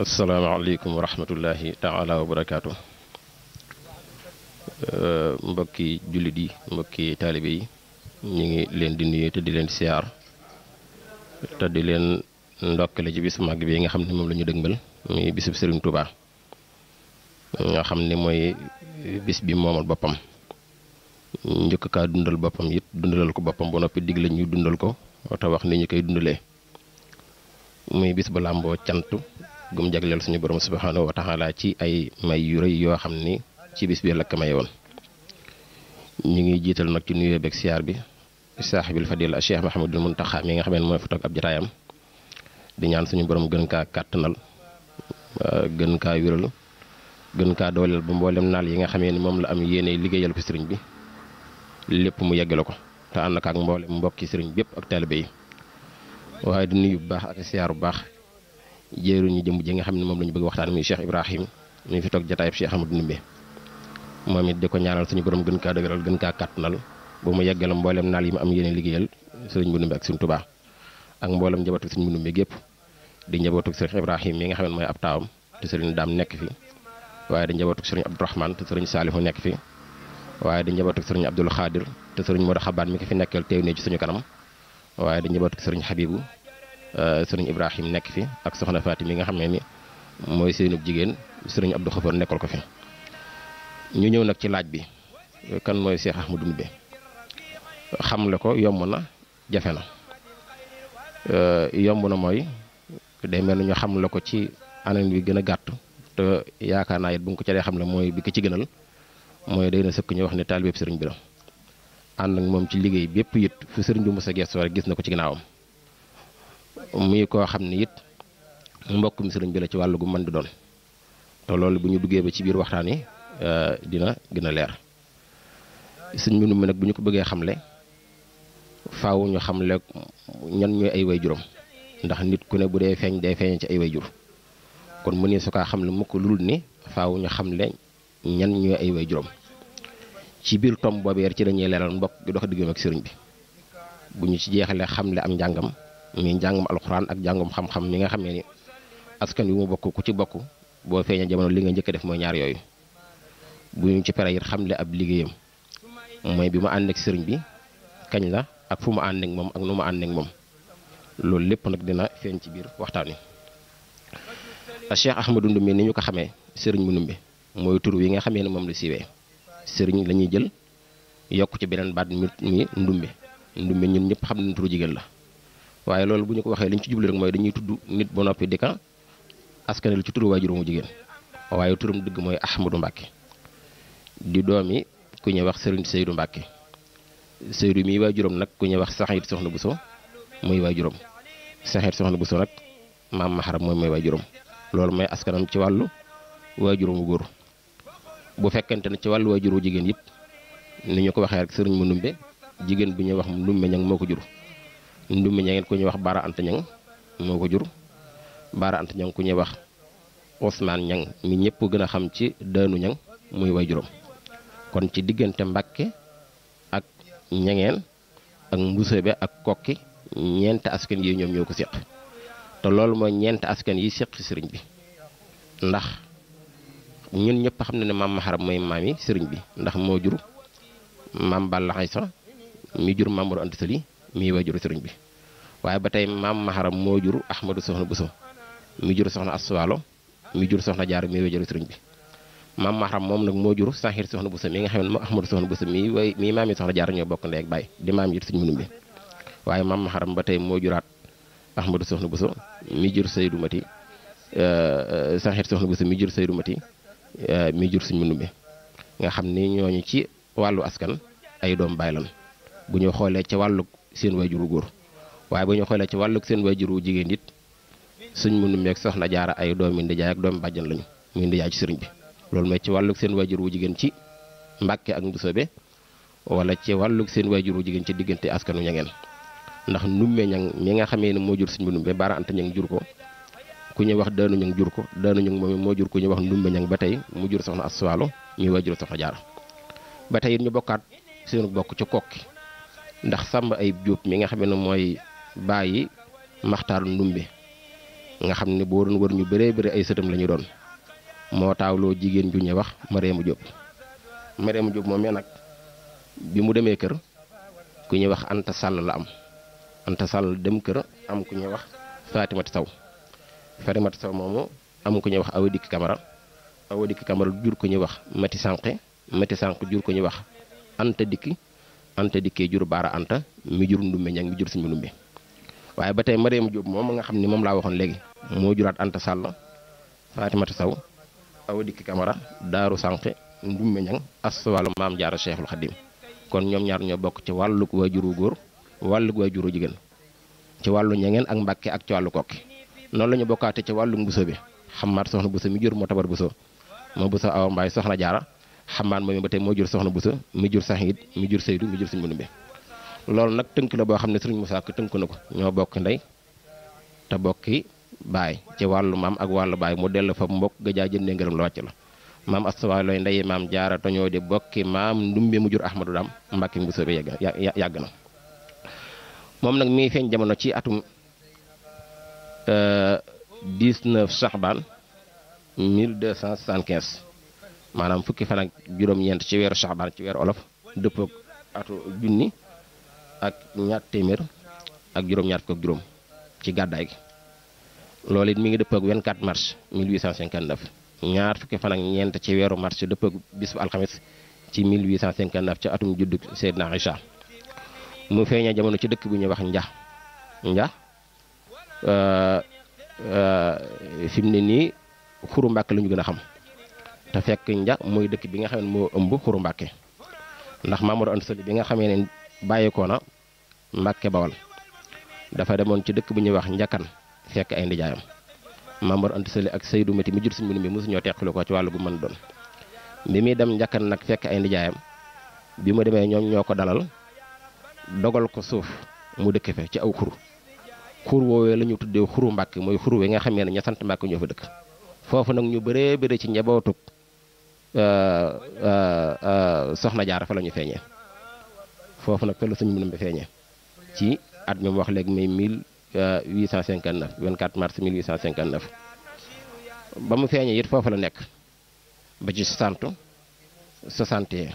asalaamaaleykum wa rahmatullahi taala wa barakaatu euh, mbokki jullit yi mbokki taalibe yi ñu ngi leen di nuyu te di leen siyaar te di leen ndokkale ci bis màgg bi nga xam ne moom la ñu dëgmal muy bisub Serigne Touba nga xam ni mooy bis bi moomal boppam njëkk kaa dundal boppam it dundalal ko boppam ba noppi digg la ñu dundal ko te wax ni ñu koy dundalee muy bis bu làmboo cant gum jagleel suñu borom subhaanahu wa taala ci ay may yu rëy yoo xam ni ci bis bi la ko maye woon ñu ngi jiital nag ci nuyoo beeg siyaar bi saaxibil fadil Cheikh Mahamadul Muntaxa mi nga xam ne mooy fa toog ab jotaayam di ñaan suñu borom gën kaa kàttanal ah, gën kaa gën kaa dooleel ba mboolem naal yi nga xamee ni moom la am yéene liggéeyal ko sëriñ bi lépp mu yeggale ko te ànd ak mboolem mbokki sëriñ bépp ak taalibe yi waaye di nuyu bu baax ak siyaar bu baax. jéeruñu jëmb ji nga xam ne moom lañu bëgg waxtaan muy Cheikh Ibrahim mi fi toog jataayub Cheikh Amadou Ndoumbé moom it di ko ñaanal suñu borom gën kaa dëgëral gën kaa kàttanal ba mu yeggalam mboolem naal yi mu am yéene liggéeyal sëriñ bu Ndoumbé ak suñu Tuubaa ak mboolem njabootu sëriñ bu Ndoumbé gépp di njabootu Cheikh Ibrahim mi nga xam ne mooy ab taawam te sëriñ Daam nekk fi waaye di njabootu sëriñ Abdourahmane te sëriñ Saalihu nekk fi waaye di njabootu sëriñ Abdul Xaadir te sëriñ Modou Xabaan mi ko fi nekkal teew ne ci suñu kanam waaye di njabootu sëriñ Xabibu Euh, sëriñ Ibrahim nekk fi ak soxna Faati mi nga xam ne ni mooy seenub jigéen sëriñ Abdou Xafoor nekkal ko fi ñu ñëw nag ci laaj bi kan mooy Cheikh Ahmadou Ndoumbé xamle ko yomb na jafe na euh, yomb na mooy day mel ni ñu xamle ko ci anam wi gën a gàtt te yaakaar naa it bu nga ko ceree xam xamle mooy bi ki ci gënal mooy day na sëkk ñu wax ne taalibeeb sëriñ bi la ànd ak moom ci liggéey bépp it fu sëriñ bi mos a gëstu rek gis na ko ci ginaawam muy koo xam ne it mbokkum sëriñ bi la ci wàllu gu mën di doon te loolu bu ñu duggee ba ci biir waxtaan yi euh, dina gën a leer sëñ mbindum mi nag bu ñu ko bëggee xamle faaw ñu xamle ñan ñooy ay way juróom ndax nit ku ne bu dee feeñ day feeñ ci ay way kon mu ni su kaa xamle lu dul ni faaw ñu xamle ñan ñooy ay way juróom ci biir tomb boobeer ci lañuy leeral mbokk gi dox diggam ak sëriñ bi bu ñu ci jeexalee xamle am njàngam mi njàngum alxuraan ak njàngum xam-xam mi nga xam ne ni askan wi mu bokk ku ci bokk boo feeñee jamono li nga jëkk a def mooy ñaar yooyu bu ñu ci pare it xamle ab liggéeyam mooy bi mu ànd ak sëriñ bi kañ la ak fu mu ànd ak moom ak nu mu ànd ak moom loolu lépp nag dina feeñ ci biir waxtaan wi. Cheikh Ahmadou Ndoumbé ni ñu ko xamee sëriñ bu Ndoumbé mooy tur wi nga xamee ne moom la siiwee sëriñ la ñuy jël yokk ci beneen baat mi mi Ndoumbé Ndoumbé ñun ñëpp xam nañ jigéen la. waaye loolu bu ñu ko waxee li ñu ci jublu rek mooy dañuy tudd nit ba noppi di ka askanel ci turu waajur mu jigéen waaye turam dëgg mooy Ahmadou Mbacke di doomi ku ñuy wax Serigne Seydou Mbacke Seydou mii juróom nag ku ñuy wax Saxit Soxna bu Bousso muy juróom Saxit Soxna bu Bousso nag maam Maharam mooy mooy juróom loolu mooy askanam ci wàllu waajuramu góor bu fekkente ne ci wàllu waajuru jigéen yëpp ni ñu ko waxee rek Serigne Manoumbe jigéen bu ñuy wax Manoumbe ñang moo ko jur. ndumbe ñangeen ku ñuy wax Baara Anta Ñang moo ko jur Baara Anta Ñang ku ñuy wax Ousmane Ñang mi ñëpp gën a xam ci daanu Ñang muy way juróom kon ci diggante mbakke ak ñangeen ak Mbusoobe ak Kokki ñeent askan yi ñoom ñoo ko séq te loolu mooy ñeent askan yi séq sëriñ bi ndax ñun ñëpp xam na ne maam Maharam mooy maam yi sëriñ bi ndax moo jur maam Balla Aysa mi jur maam Mor Anta Sali mii way juru sëriñ bi waaye ba tey maam maharam moo jur ahmadu soxna buso mi jur soxna assuwaalo mi jur soxna jaar mii way juru bi maam maharam moom nag moo jur sanxiir soxna buso mi nga xam ne moo ahmadu soxna buso mii way mii maam yi soxna jaar ñoo bokk ndey ak baay di maam jur sëriñ waaye maam maharam ba tey moo juraat ahmadu soxna buso mi jur saydu mati euh, euh, sanxiir soxna buso mi jur saydu mati euh, mi jur sëriñ bi nga xam ni ñooñu ci wàllu askan ay doom baay lan bu ñu xoolee ca wàllu seen waajuru góor waaye bu ñu xoolee ci wàllug seen waajuru jigéen it sëñ mënu meeg soxna jaara ay doomi ndijaay ak doomi bàjjan lañu muy ndijaay ci sëriñ bi loolu mooy ci wàllug seen waajuru jigéen ci Mbàkke ak Mbusoobe wala ci wàllug seen waajuru jigéen ci diggante askanu ñangeen ndax nummee ñang mi nga xamee ne moo jur sëñ mënu be baara anta ñang jur ko ku ñuy wax daanu ñang jur ko daanu ñang moom moo jur ku ñuy wax nummee ñang ba tey mu jur soxna aswaalo mi waajuru soxna jaara ba tey it ñu bokkaat seenu bokk ci kokki ndax sàmb ay jóob mi nga xame ne mooy bàyyi maxtaar ndumbe nga xam ne boo doon wër ñu bëree bëri ay sëtam la ñu doon moo taawloo jigéen ju ñuy wax Mariama Jóob Mariama Jóob moom mee nag bi mu demee kër ku ñuy wax Anta Sall la am Anta Sall dem kër am ku ñuy wax Fatimata Saw Fatimata Saw moomu am ku ñuy wax Awa Dikk Kamara Awa Dikk Kamara jur ko ñuy wax Mati Sànq Mati Sànq jur ko ñuy wax Anta dikk anta dikkee jur baara anta mi jur ndumbe ñang mi jur suñu waaye ba tey Mariama Jóob moom nga xam ne moom laa waxoon léegi moo juraat anta sàll Fatimata Saw awa dikki Kamara daaru sànq ndumbe ñang aswalu maam jaara cheikhul xadim kon ñoom ñaar ñoo bokk ci wàllug waajuru góor wàllug waajuru jigéen ci wàllu ñangeen ak mbàkke ak ci wàllu kokki noonu la ñu bokkaate ci wàllu mbuso bi xamaat soxna buso mi jur moo tabar buso moo buso awa mbaay soxna jaara xamaan moom ba tey moo jur soxna Busa mi jur Saxiid mi jur Seydou mi jur Sëñ Mandumbe loolu nag tënk la boo xam ne Sëriñ mu Ka tënk na ko ñoo bokk ndey te bokki baay ci wàllu maam ak wàllu baay mu dellu fa mbokk gëjaa jëndee ngërëm la wàcc la maam astuwaay looy ndey maam jaara toñoo di bokki maam ndumbe mu jur ahmadu daam mbàkki mu soobee yàgg na yàgg na moom nag mi feeñ jamono ci atum 19 euh, saxbaan 1275 maanaam fukki fan ak juróom-ñeent ci weeru saxbaan ci weeru olof dëppook atu junni ak ñaar téeméer ak juróom-ñaar fukk ak juróom ci gàddaay gi loolu it mi ngi dëppook 24 mars 1859 ñaar fukki fan ñeent ci weeru mars dëppook bis bu alxamis ci 1859 ci atum juddu Seydina Isa mu feeñee jamono ci dëkk bu ñuy wax njax njax euh, euh, fi mu ne nii xuru mbàkk lañu gën a xam te fekk nja mooy dëkk bi nga xam ne moo ëmb xuru Mbàkke ndax Mamadou Anta bi nga xamee ne bàyyeekoo na Mbàkke Bawal dafa demoon ci dëkk bu ñuy wax njakkan fekk ay ndijaayam Mamadou Anta Sali ak Seydou Mati mi jur suñu mbir mi mosuñoo teqalu ko ci wàllu gu mën doon bi muy dem njakkan nag fekk ay ndijaayam bi mu demee ñoom ñoo ko dalal dogal ko suuf mu dëkk fe ci aw xuru xur woowee la ñu tuddee xuru Mbàkke mooy xuru wi nga xamee ne ña sant Mbàkke ñoo fa dëkk foofu nag ñu bëree ci njabootuk Euh, euh, euh, soxna jaar a fa la ñu feeñee foofu nag fa la suñu mën a feeñee ci at mi mu wax léegi muy 1859 24 mars 1859 ba mu feeñee it foofu la nekk ba ci 60 61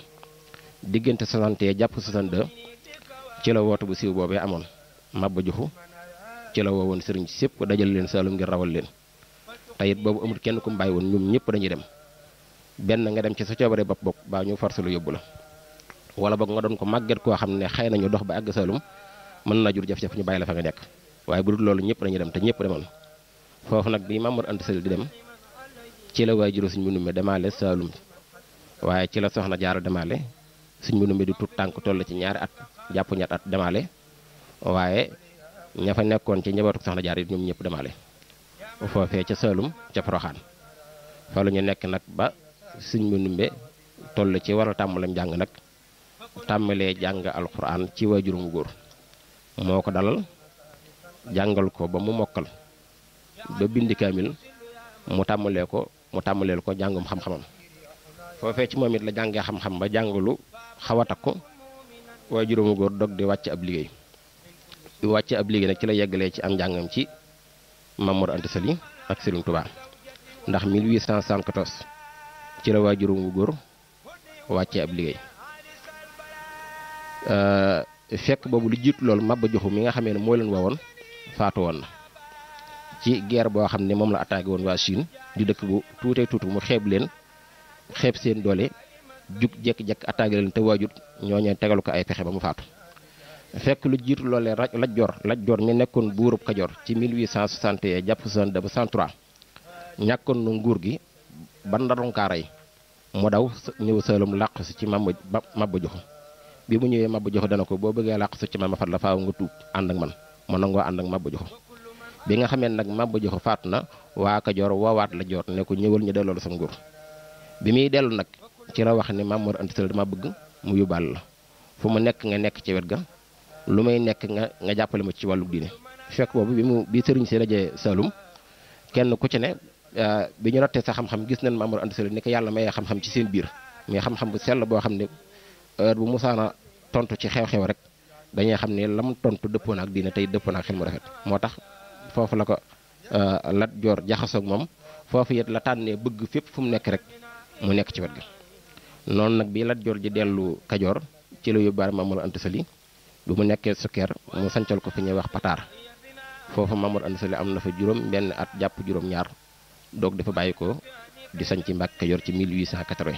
diggante 61 jàpp 62 ci la woote bu siiw boobee amoon Maba Juxu ci la woowoon sëriñ sépp dajal leen Saalum ngir rawal leen te it boobu amul kenn ku mu bàyyi woon ñoom ñëpp dañuy dem. benn nga dem ci sa coobare bopp bopp baa ñu force lu yóbbu la wala boog nga doon ko màgget koo xam ne xëy nañu dox ba àgg Saalum mën na jur jafe-jafe ñu bàyyi la fa nga nekk waaye bu dul ñëpp dañu dem te ñëpp demoon foofu nag bi Mamour Anta Sali di dem ci la waajuru suñ mënu mi demaale Saalum waaye ci la soxna jaara demaale suñ mënu mi di tut tànk toll ci ñaari at jàppu ñaat at demaale waaye ña fa nekkoon ci njabootu soxna jaar yi ñoom ñëpp demaale foofee ca Saalum ca Poroxaan fa la nekk nag ba sëñ Mandumbe toll ci war a tàmbalam jàng nag tàmbalee jàng alxuraan ci waajuram wu góor moo ko dalal jàngal ko ba mu mokkal ba bindi kaamil mu tàmbalee ko mu tàmbaleel ko jàngum xam-xamam foofee ci moom it la jàngee xam-xam ba jàngalu xaw a takku waajuram wu góor dog di wàcc ab liggéey di wàcc ab liggéey nag ci la yeggalee ci am njàngam ci Mamour Anta Sali ak Serigne Touba ndax ci la waajuram wu góor wàccee ab liggéey euh, fekk boobu lu jiitu loolu Maba Jaxu mi nga xamee ne moo leen woon faatu woon na ci guerre boo xam ne moom la attaqué woon waa Chine di dëkk bu tuutee tuutu mu xeeb leen xeeb seen doole jug jekk-jekk attaqué leen te waajut ñooñu tegal ko ay pexe ba mu faatu. fekk lu jiitu loolee raj Lajjoor Lajjoor mi nekkoon buurub Kajoor ci 1861 jàpp 62 ba 63 ñàkkoon na nguur gi. ban la doon kaa rey mu daw ñëw saalum làq si ci màmba màbba jox bi mu ñëwee màbba jox dana ko boo bëggee làq si ci màmba fat la faaw nga tuub ànd ak man mu nangoo ànd ak màbba jox bi nga xamee nag màbba jox faatu na waa Kajoor woowaat la joor ne ko ñëwal ñu delloo la sa nguur bi muy dellu nag ci la wax ni Mamoor Anta Sall dama bëgg mu yóbbaal la fu mu nekk nga nekk ci wet ga lu may nekk nga nga jàppale ma ci wàllu diine fekk boobu bi sëriñ si rajo Saalum Euh, bi ñu nottee sa xam-xam gis nañ Mamour Anta Sali ni ko yàlla mayee xam-xam ci seen biir mais xam-xam bu sell boo xam ne heure bu musaana tontu ci xew-xew rek dañuy xam ne lam tontu dëppoon ak diine tey dëppoon ak xel mu rafet moo tax foofu la ko euh, Lat Joor jaxasoog moom foofu it la tànnee bëgg fépp fu mu nekk rek mu nekk ci wet gi noonu nag bi Lat Joor ji dellu Kajoor ci la yóbbaale Mamour Anta Sali bi mu nekkee sukkeer mu sancal ko fi ñuy wax pataar foofu Mamour Anta Sali am na fa juróom benn at jàpp juróom doog dafa bàyyi ko di sañ ci Mbàkke Kajoor ci 1880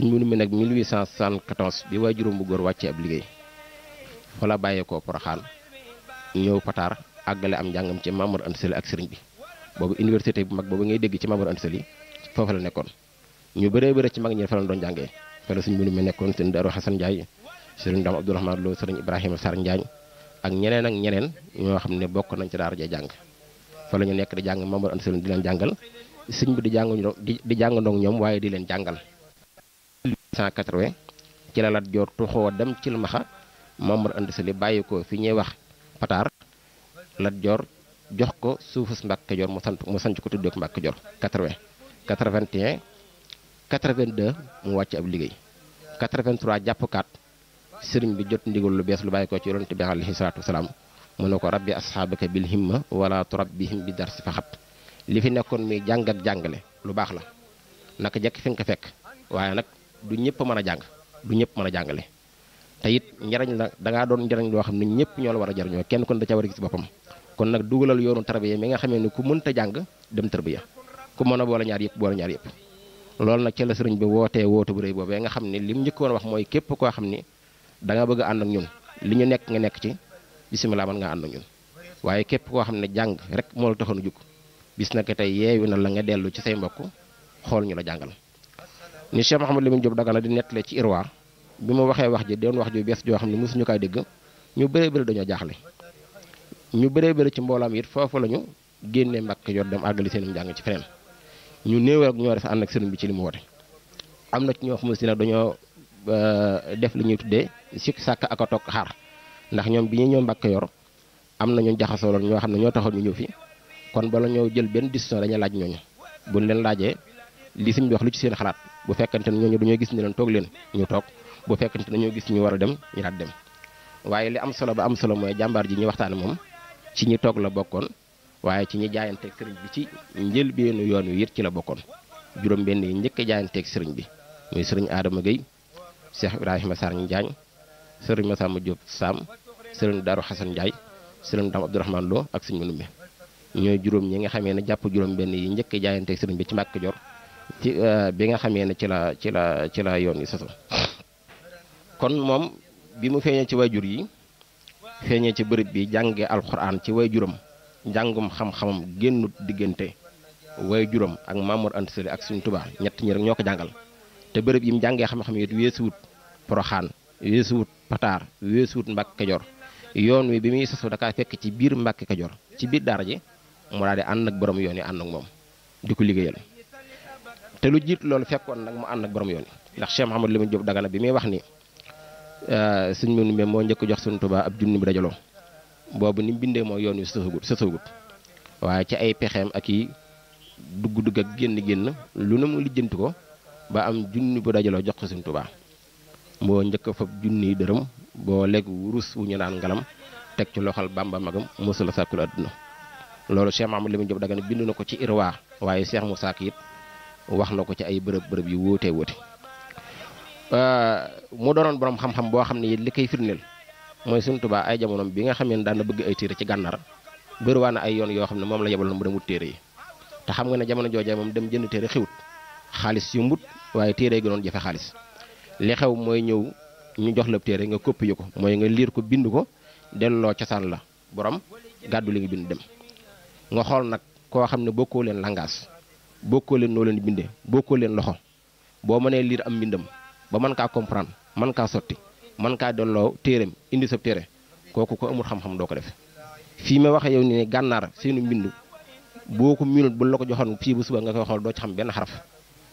bu Moodu mi nag 1874 bi waajuram bu góor wàccee ab liggéey fa la bàyyeekoo Poroxaan ñëw Pataar àggale am njàngam ci Mamour Anta Sali ak sëriñ bi boobu université bu mag boobu ngay dégg ci Mamour Anta Sali foofu la nekkoon ñu bëree bëri ci mag ñi fa la doon jàngee fa la bu Moodu mi nekkoon sëñ Daaru Xasan Njaay sëriñ Dam Abdourahmane Lo sëriñ Ibrahima Sar Njaañ ak ñeneen ak ñeneen ñoo xam ne bokk nañ ci daara ja jàng fa la ñu nekk di jàng Mamadou Anta Sali di leen jàngal sëñ bi di jànguñu di di ñoom waaye di leen jàngal. 1880 ci la Lat Joor tuxoo dem ci Cilmaxa Mamadou Anta Sali bàyyi ko fi ñuy wax Pataar Lat Joor jox ko suufus Mbàkke Joor mu sant mu sanc ko tuddee ko Mbàkke Joor 80 81 mu wàcc ab liggéey 83 jàpp 4 sëriñ bi jot ndigal lu bees lu bàyyi ko ci yonent bi alayhi salaatu wasalaam mën ne ko rabbi asxaabaka bil himma wala turabbihim bi darsi faxat li fi nekkoon muy jàng ak jàngale lu baax la naka jekk fi nga ko fekk waaye nag du ñëpp mën a jàng du ñëpp mën a jàngale te it njariñ la dangaa doon njariñ loo xam ne ñëpp ñoo la war a jariñoo kenn kon da ca war a gis boppam kon nag dugalal yoonu tarbiya mi nga xamee ni ku mënta jàng dem tarbiya ku mën a boole ñaar yëpp boole ñaar yëpp loolu nag ci la sëriñ bi wootee woote bu rëy boobee nga xam ne li mu njëkkoon wax mooy képp koo xam ni da nga bëgg ànd ak li ñu nekk nga nekk ci bisimilah mën ngaa ànd ak ñun waaye képp koo xam ne jàng rek moo la taxoon jug bis na ko tey yeewu na la nga dellu ci say mbokk xool ñu la jàngal ni Cheikh Mouhamadou Lamine Diop Dagana di nettale ci Irwa bi mu waxee wax ji doon wax ju bees joo xam ne mosuñu kaa dégg ñu bëree bëri dañoo jaaxle ñu bëree bëri ci mboolaam yit foofu la ñu génnee mbàkk yor dem àggali seen njàng ci feneen ñu néew rek ñoo def ànd ak sëriñ bi ci li mu woote am na ci ñoo xam ne si nag dañoo euh, def li ñuy tuddee sikk sàkk ak a toog xaar ndax ñoom bi ñu ñoo Mbàkke Kajoor am na ñu jaxasoo lool ñoo xam ne ñoo taxoon ñu ñëw fi kon la ñoo jël benn décision dañuy laaj ñooñu bu buñ leen laajee li suñ bi lu ci seen xalaat bu fekkante ne ñooñu dañoo gis ñu leen toog leen ñu toog bu fekkante dañoo gis ñu war a dem ñu daal dem waaye li am solo ba am solo mooy jàmbaar ji ñu waxtaane moom ci ñi toog la bokkoon waaye ci ñi jaayanteeg sëriñ bi ci njëlbéenu yoon wi it ci la bokkoon juróom benn yi njëkk a jaayanteeg sëriñ bi muy sëriñ Adama Gueye Cheikh Ibrahima Sarr ñu jaañ sëriñ Masamba Diop Sam sëriñ Darou Xasan Ndiaye sëriñ Dame Abdourahmane Lo ak sëriñ Manumbe ñooy juróom ñi nga xamee ne jàpp juróom benn yi njëkk jaayante sëriñ bi ci màkk Kajoor ci euh, bi nga xamee ne ci la ci la ci yoon yi soso kon moom bi mu feeñee ci wayjur yi feeñee ci bërëb bi jàngee alxuraan ci wayjuram njàngum xam-xamam génnut diggante juróom ak Mamour Anta Sali ak suñ tubaa ñett ñi rek ñoo ko jàngal te bërëb yi mu jàngee xam-xam yi weesuwut Poroxaan weesuwut pataar weesuwut Mbàkke Kajoor yoon wi bi muy sosoo dakaa fekk ci biir Mbàkke Kajoor ci biir daara ji mu daal di ànd ak borom yoon yi ànd ak moom di ko liggéeyal te lu jiit loolu fekkoon nag mu ànd ak borom yoon yi ndax Cheikh Mouhamadou Lamine Diop Dagana bi muy wax ni euh, suñ mënu mem moo njëkk jox suñu Tuubaa ab junni bu dajaloo boobu ni mu bindee mooy yoon wi sosagut sosagut waaye ci ay pexeem ak yi dugg-dugg ak génn-génn lu ne mu lijjanti ko ba am junni bu dajaloo jox ko suñu Tuubaa moo njëkk a fab junniy dërëm boo legu wurus wu ñu naan ngalam teg ci loxal bàmba magam mosula sàkkul àdduna loolu Cheikh Mahamadou Lamine Diop Dagana bind na ko ci irwa waaye seex Moussa Ka it wax na ko ci ay bërëb bërëb yu wóotee wóote euh, mu doonoon borom xam-xam boo xam ne li koy firndeel mooy Sëriñ tubaa ay jamonoom bi nga xam ne daan na bëgg ay téere ci gànnaar bëriwaa ay yoon yoo xam ne moom la yebaloon mu dem wut téere yi te xam nga ne jamono joojee moom dem jënd téere xiwut xaalis yombut waaye téere yi jafe xaalis li xew mooy ñëw ñu jox la téere nga copier ko mooy nga liir ko bind ko delloo cosaan la borom gàddu li nga bind dem nga xool nag koo xam ne bokkoo leen langage bokkoo leen noo leen bindee bokkoo leen loxo boo mënee liir am mbindam ba mën kaa comprendre mën kaa sotti mën kaa delloo téereem indi sa téere kooku ko amul xam-xam doo ko def fii ma waxee yow nii gànnaar seenu mbind boo ko minute bu la ko joxoon fii bu suba nga koy xool doo ci xam benn xaraf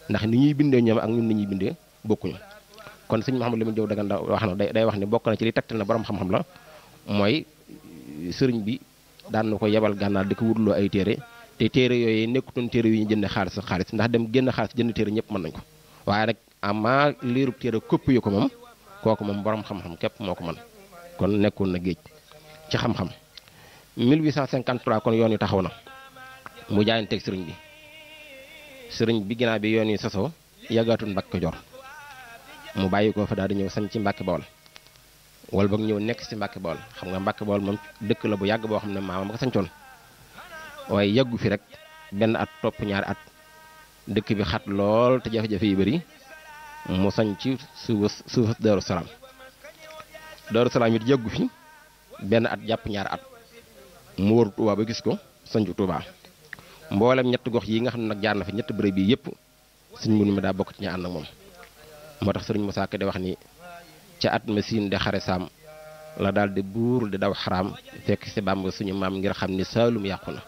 ndax ni ñuy bindee ñoom ak ni ñuy bindee bokkuñu kon sëñ Mouhamadou Lamine Diaw Dagana wax na day wax ni bokk na ci li tegtal na borom xam-xam la mooy sëriñ bi daan na ko yebal gànnaar di ko wutloo ay téere te téere yooyu nekkutoon téere yu ñu jënd xaalis xaalis ndax dem génn xaalis jënd téere ñëpp mën nañ ko waaye nag ama liirub téere koppi yu ko moom kooku moom boroom xam-xam képp moo ko man kon nekkoon na géej ci xam-xam 1853 kon yoon yu taxaw na mu jaayanteeg sëriñ bi sëriñ bi ginnaaw bi yoon yu sosoo yàggaatul Mbàkke mu bàyyi ko fa daal di ñëw sañ ci Mbàkke Bawol wala boog ñëw nekk si Mbàkke Bawol xam nga Mbàkke Bawol moom dëkk la bu yàgg boo xam ne maamam ko sañcoon waaye yàggu fi rek benn at topp ñaari at dëkk bi xat lool te jafe-jafe yu bëri mu sañ ci suuf suuf Daaru Salaam Daaru yàggu fi benn at jàpp ñaari at mu waru Tuubaa ba gis ko sañcu Tuubaa mboolem ñett gox yi nga xam ne nag jaar na fi ñett bërëb yi yëpp suñ mënu mi daa bokk ci ñaa ànd ak moom moo tax sëriñ Moussa Ka di wax nii ca at ma siin de xare saam la daal di buur di daw xaraam fekk si bamb suñu maam ngir xam ni saalum yàqu na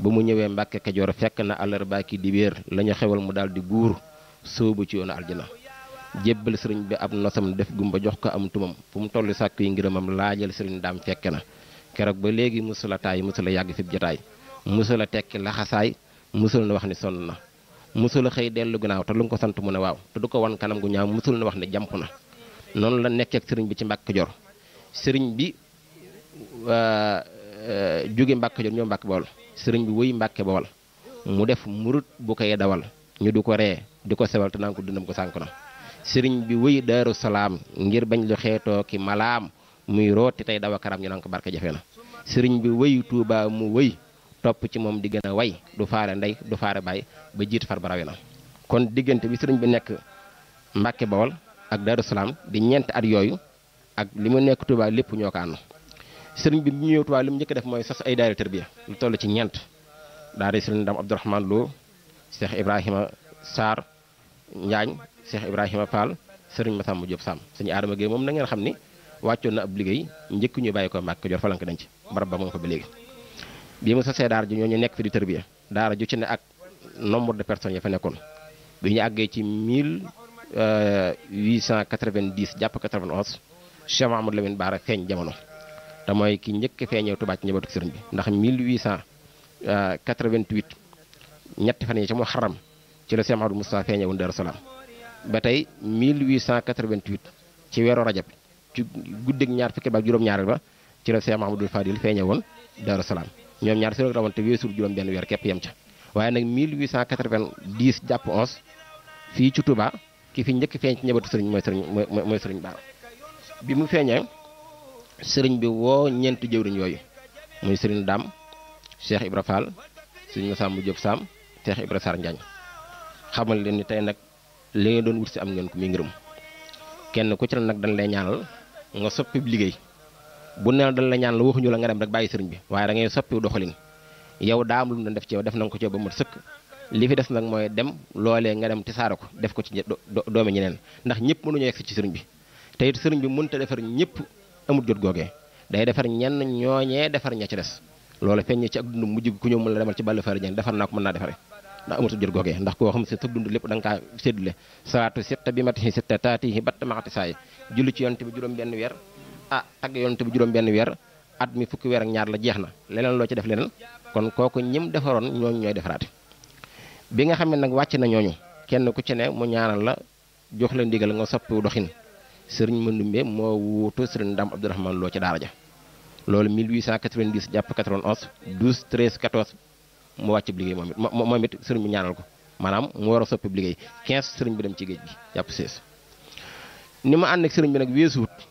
ba mu ñëwee Mbàkke Kajoor fekk na àllarba ki dibéer la ñu xewal mu daal di buur sóobu ci yoonu aljana jébbal sëriñ bi ab nosam def gumba jox ko am tumam fu mu toll sàkk yi ngërëmam laajal sëriñ daam fekke na keroog ba léegi musula taay musula yàgg fi jataay musula tekki laxasaay musula na wax ni sonn na musul a xëy dellu ginnaaw te lu nga ko sant mu ne waaw te du ko wan kanam gu ñaaw musul na wax ne jàmp na noonu la nekkee ak sëriñ bi ci Mbàkke Kajoor sëriñ bi euh, jóge Mbàkke Kajoor ñoo Mbàkke Bawol sëriñ bi wëy Mbàkke Bawol mu def murut bu koy dawal ñu du ko ree di ko sewal te naan ko dundam ko sànk na sëriñ bi wëy Daaru Salaam ngir bañ lu xeetoo ki malaam muy rooti tey dawa karam ñu naan ko barke jafe na sëriñ bi wëy Tuubaa mu wëy topp ci moom di gën a way du faare ndey du faare baay ba jiit far ba rawe na kon diggante bi sëriñ bi nekk Mbàkke Bawol ak Daaru Salaam di ñeent at yooyu ak li mu nekk Tuubaa lépp ñoo ko ànd sëriñ bi bi ñëw li mu njëkk def mooy sas ay daayira tarbiya lu toll ci ñeent daara sëriñ Ndam Abdourahmane Lo Cheikh Ibrahima Sarr Njaañ Cheikh Ibrahima Fall sëriñ Massamba Diop Sam suñu Adama Gueye moom na ngeen xam ni wàccoon na ab liggéey njëkk ñu bàyyi ko Mbàkke Kajoor fa lañ ko ba mu ba léegi bi ma sasee daara ji ñoo ñu nekk fi di tërbiya daara ju ci ne ak nombre de personnes ya fa nekkoon bi ñu àggee ci 1890 euh, jàpp 91 Cheikh Mahamadou Lamine Baara feeñ jamono te mooy ki njëkk feeñee Tuubaa ci njabootu sëriñ bi ndax 1888 euh, ñetti fan yi ci mu xaram ci la Cheikh Mahamadou Moustapha feeñee woon Daaru Salaam ba tey 1888 ci weeru rajab ci guddeeg ñaar fukki ba ak juróom-ñaareel ba ci la Cheikh Mahamadou woon Daaru Salaam ñoom ñaar seen rawante weesul juróom benn weer képp yem ca waaye nag 1890 jàpp 11 fii ci Touba ki fi njëkk feeñ ci ñëbatu sëriñ mooy sëriñ mooy sëriñ Baara bi mu feeñee sëriñ bi woo ñeenti jëwriñ yooyu muy sëriñ Dame Cheikh Ibra Fall sëriñ Massamba Diop Sam Cheikh Ibra Sarr Njaañ xamal leen ni tey nag li nga doon wut si am ngeen ko muy ngërëm kenn ku ci la nag dañ lay ñaanal nga soppi liggéey bu ne dañ la ñaan la waxuñu la nga dem rek bàyyi sëriñ bi waaye da ngay soppi doxalin yow daam lu mu doon def ci def na ko ci yow ba mat sëkk li fi des nag mooy dem loolee nga dem tisaare ko def ko ci doomi ñeneen ndax ñëpp mënuñu yegg ci sëriñ bi te it sëriñ bi mënut a defar ñëpp amut jot googee day defar ñenn ñooñee defar ña ci des loolu feeñ ci ak dund mujj ku ñëw mën la demal ci bàllu fari ñeen defar naa ko mën naa defare sa dund lépp da nga weer ah tagg yonent bi juróom benn weer at mi fukki weer ñaar la jeex na leneen loo ci def leneen kon kooku ñim defaroon ñooñu ñooy defaraate bi nga xam ne nag wàcc na ñooñu kenn ku ci ne mu ñaanal la jox la ndigal nga soppi doxin sëriñ Mandumbe moo wuutu sëriñ Ndam Abdourahmane loo ci daara ja loolu 1890 jàpp 91 12 13 14 mu wàcc liggéey moom it moom it sëriñ bi ñaanal ko maanaam mu war a soppi liggéey 15 sëriñ bi dem ci géej gi jàpp 16